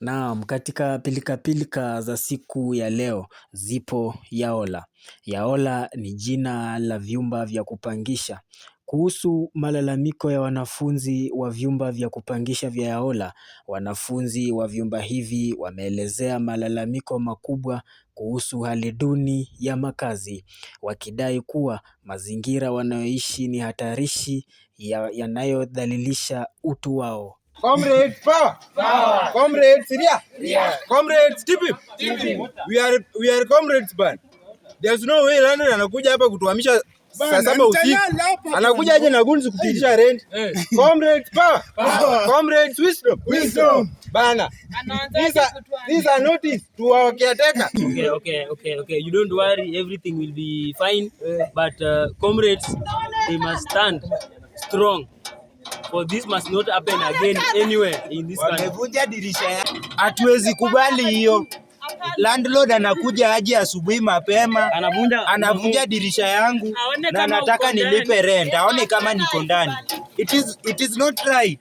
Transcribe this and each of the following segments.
Naam katika pilika pilika za siku ya leo zipo yaola. Yaola ni jina la vyumba vya kupangisha. Kuhusu malalamiko ya wanafunzi wa vyumba vya kupangisha vya yaola, wanafunzi wa vyumba hivi wameelezea malalamiko makubwa kuhusu hali duni ya makazi. Wakidai kuwa mazingira wanayoishi ni hatarishi yanayodhalilisha utu wao. Comrade power. power. Comrades Syria. Yeah. Comrades tipi. We are we are comrades ban. There's no way London anakuja hapa kutuhamisha saa saba usiku. Anakuja aje na gunzi kutisha rent. Comrades power. power. wisdom. Wisdom. Bana. These are, these are notice to our caretaker. okay, okay, okay, okay. You don't worry. Everything will be fine. But uh, comrades, they must stand strong for this must not happen again anywhere in this country. Wamevunja dirisha ya. Hatuwezi kubali hiyo. Landlord anakuja aje asubuhi mapema, anavunja anavunja dirisha yangu na anataka nilipe rent, aone kama niko ndani. It is, it is not right.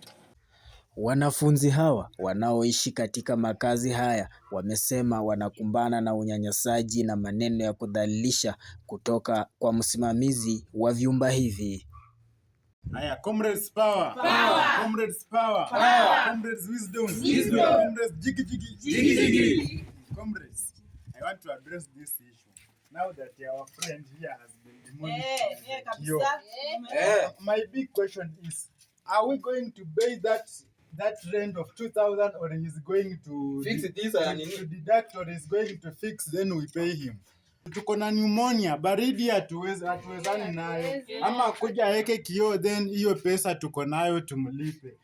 Wanafunzi hawa wanaoishi katika makazi haya wamesema wanakumbana na unyanyasaji na maneno ya kudhalilisha kutoka kwa msimamizi wa vyumba hivi. Haya, comrades power. Power. Comrades power. Power. Comrades wisdom. Wisdom. Comrades jiggy jiggy. Jiggy jiggy. Comrades, I want to address this issue. Now that our friend here has been demolished. Yeah, yeah, eh, kabisa. Yeah. Eh. Uh, my big question is, are we going to pay that that rent of 2000 or is going to fix this to, to deduct or is going to fix then we pay him? tuko na pneumonia, baridi hatuwezi hatuwezani nayo, ama kuja aweke kioo, then hiyo pesa tuko nayo tumlipe.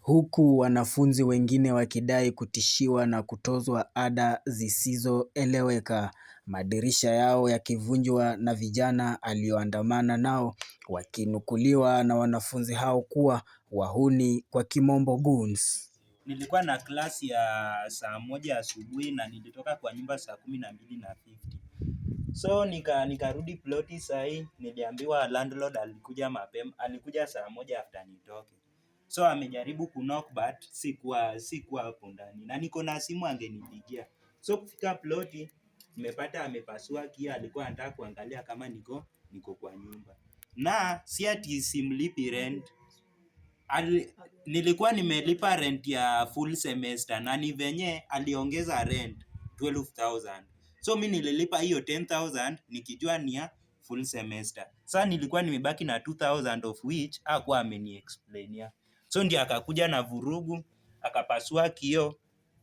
Huku wanafunzi wengine wakidai kutishiwa na kutozwa ada zisizoeleweka, madirisha yao yakivunjwa na vijana alioandamana nao wakinukuliwa na wanafunzi hao kuwa wahuni kwa kimombo goons. Nilikuwa na klasi ya saa moja asubuhi na nilitoka kwa nyumba saa kumi na mbili na fifty So nikarudi ploti sai, niliambiwa landlord alikuja mapema, alikuja saa moja after nitoke. So amejaribu kunock but sikuwa sikuwa hapo ndani. Na niko na simu angenipigia. So kufika ploti nimepata amepasua kia, alikuwa anataka kuangalia kama niko niko kwa nyumba. Na si ati simlipi rent. Al, nilikuwa nimelipa rent ya full semester na ni venye aliongeza rent 12000. So mi nililipa hiyo 10000 nikijua ni ya full semester. Sasa nilikuwa nimebaki na 2000 of which hakuwa ameniexplainia. So ndio akakuja na vurugu, akapasua kioo.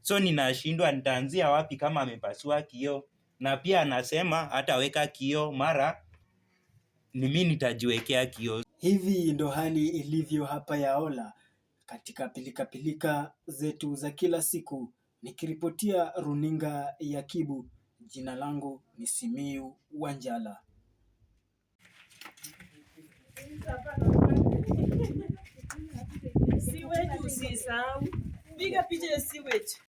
So ninashindwa nitaanzia wapi kama amepasua kioo, na pia anasema weka kioo mara ni mimi nitajiwekea kioo. Hivi ndo hali ilivyo hapa Yaola katika pilikapilika -pilika zetu za kila siku, nikiripotia runinga ya Kibu. Jina langu ni Simiyu Wanjala. Siwetu usisahau, piga picha ya siwetu.